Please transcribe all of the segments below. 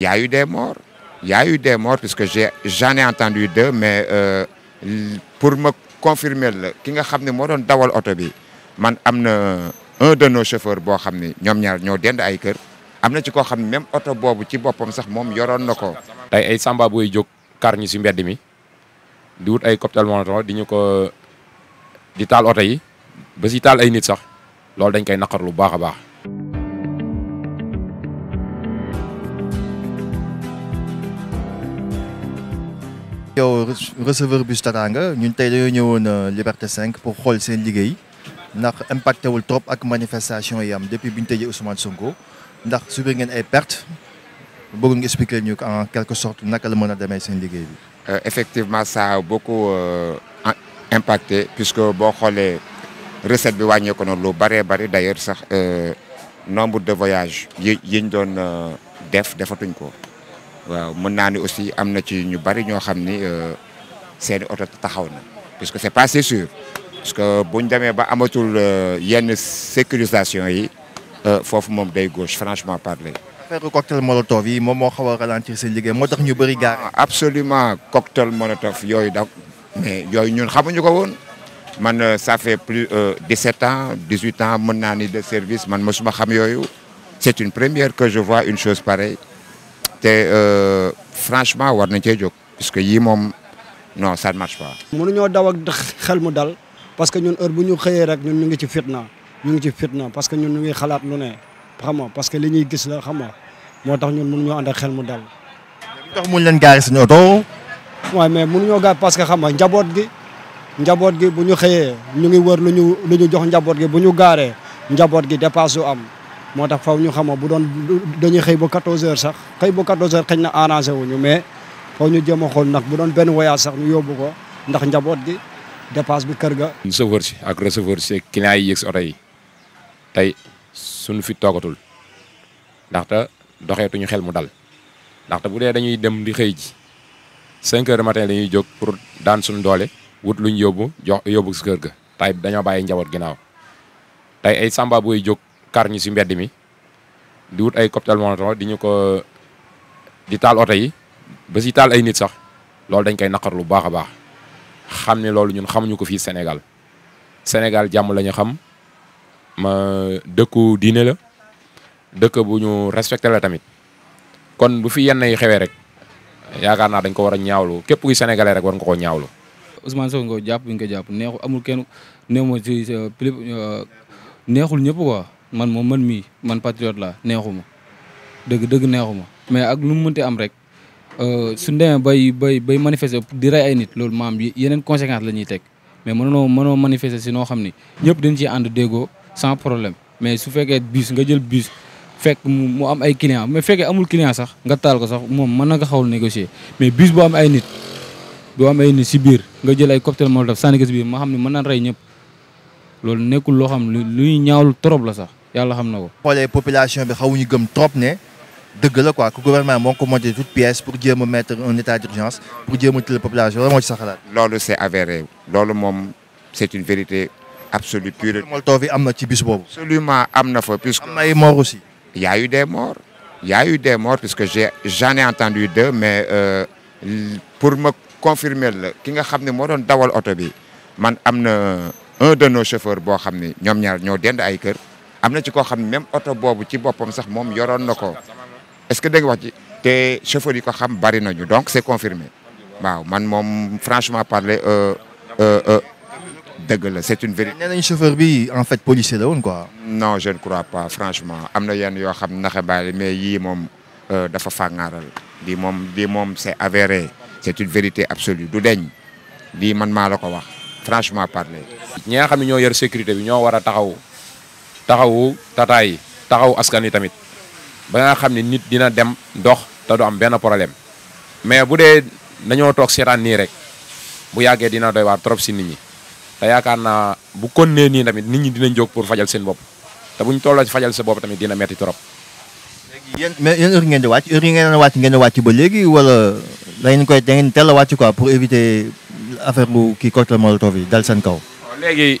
yaa yu a eu des morts. Il y a eu des morts, puisque j'en ai, entendu deux, mais euh, pour ma confirmer, ki nga xam ne moo doon dawal auto bi man am na un de nos chauffeurs bo ne ñoom ñaar ñoo dend ay kër am na ci ko xamni même auto boobu ci bopam sax mom na ko tay ay samba boy jog kar ñu ci mbedd mi di wut ay cocktail molotov di ko di taal auto yi ba si taal ay nit sax loolu dañ koy naqar lu baax a baax yow receveur de euh, Liberté 5 pour xool seen liggéey ndax impacté wul trop ak manifestation depuis Ousmane Sonko ndax subir ngeen expliquer ñu en quelque sorte la euh, effectivement ça a beaucoup euh, impacté puisque boo recette bi wàññeeku lu nombre de voyages yi yiñ waaw mën naa aussi am na ci ñu bari ñoo xam ni euh, seeni oto taxaw parce que c'est pas c'est sûr parce que buñ demee ba amatul euh, yenn sécurisation yi euh, foofu moom day gauche franchement parler. Le cocktail molotov yi moom moo xaw a ralentir seen liggéey moo ñu bëri gaar. Ah, absolument cocktail molotov mais yooyu ñun xamuñu ko man ça fait plus de 17 ans 18 ans mon naa de service man xam c'est une première que je vois une chose pareille. te euh, franchement war nañ cee jóg parce que yii moom non ça ne marche pas. mënuñoo daw ak xel mu dal parce que ñun heure bu ñu xëyee rek ñun ñu ngi ci fitna ñu ngi ci fitna parce que ñun ñu ngi xalaat lu ne xam nga parce que li ñuy gis la xam nga moo tax ñun mënuñoo ànd ak xel mu dal. tax muñ leen gaari suñu oto. waaw mais mënuñoo gaar parce que xam nga njaboot gi njaboot gi bu ñu xëyee ñu ngi wër lu ñu lu ñu jox njaboot gi bu ñu gaaree njaboot gi dépasse am. moo tax faw ñu xama bu doon dañuy xëy ba 14 heures sax xëy ba 14 heures xëy na arrangé wuñu mais faw ñu jéem a xool ndax bu doon benn voyage sax ñu yóbbu ko ndax njaboot gi dépasse bi kër ga. chauffeur si ak receveur si clients yi yëg tey suñu fi toogatul ndaxte doxeetuñu xel mu dal ndaxte bu dee dañuy dem di xëy ji 5 heures matin dañuy jóg pour daan suñu doole wut luñ yóbbu jox yóbbu si kër ga. tey dañoo bàyyi njaboot ginnaaw tey ay samba booy jóg. kar ñu si mbedd mi di wut ay cocktail molotov di ñu ko di taal oto ba si taal ay nit sax loolu dañ koy naqar lu baax a baax xam ne loolu ñun xamuñu ko fii Sénégal Sénégal jàmm lañu xam ma dëkku diine la dëkk bu ñu respecté la tamit kon bu fi yenn yi xewee rek yaakaar naa dañ ko war a ñaawlu képp kuy sénégalais rek war ko jàpp neexul amul kenn néew ma euh, euh, neexul ñëpp quoi. man mo man mi man patriote la neexuma deug deug neexuma mais ak lu mu am rek euh, su ndem bay bay bay manifester di ray ay nit lool maam yeneen conséquence la ñuy teg mais mënoo mëno manifester sino xamni ni ñëpp dañ ci and dégo sans problème mais su fekkee bus nga jël bus fekk mu am ay client mais fekkee amul client sax nga taal ko sax moom mën na nga xawul négocier mais bus bu am ay nit bu am ay nit si biir nga jël ay cocktail molotov sànni ko ma xam ne mën naan rey ñëpp loolu nekkul loo xam luy ñaawlu trop la sax Pour les populations, ko. ont population trop gouvernement a commandé toutes toute pièce pour dire mettre en état d'urgence pour dire a la population c'est avéré c'est une vérité absolue pure. absolument Il y a eu des morts. Il y a eu des morts puisque j'ai j'en ai entendu deux mais euh, pour me confirmer il ki nga eu un de nos chauffeurs qui amna ci ko xam même auto bobu ci bopam sax mom yoroon nako est-ce que dégg wax ci té chauffeur yi ko xam bari nañu donc c'est confirmé waaw man mom franchement parler deug euh, euh, la c'est une vérité. nee nañ chauffeur bi en fait policier la woon quoi. non je ne crois pas franchement amna yenn yo xam naxé baale mais mom euh dafa fangaral di mom di mom c'est avéré c'est une vérité absolue du deñ lii man maa la ko wax franchement parler. ñi nga xam ne ñoo yor sécurité bi ñoo wara taxaw. taxawu tataay yi taxawu askan yi tamit ba nga xamni nit dina dem dox ta do am ben problème mais bu dañu tok toog seetaan nii rek bu yagge dina doy war trop ci nit ñi da yaakaar na bu konné ni tamit nit ñi dinañ jog pour fajal seen bop ta buñ tolo ci fajal sa bop tamit dina metti trop yéen mais yéen heure ngeen di wacc heure ngeen na wacc ngeen na wacc ba légui wala da ngeen koy da ngeen teel a quoi pour éviter affaire bu ki cocktail molotov dal seen kaw légui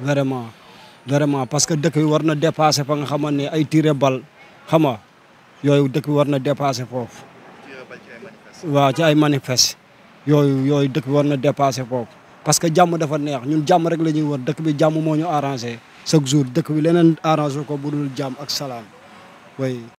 vraiment vraiment parce que dëkk bi war na dépassé fa nga xamante ne ay tiré bal xam nga yooyu dëkk bi war na dépassé foofu. waa ci ay manifeste yooyu yooyu dëkk bi war na dépassé foofu parce que jàmm dafa neex ñun jàmm rek la ñuy war dëkk bi jàmm moo ñu arrangé chaque jour dëkk bi leneen arrangé ko budul jàmm ak salaam way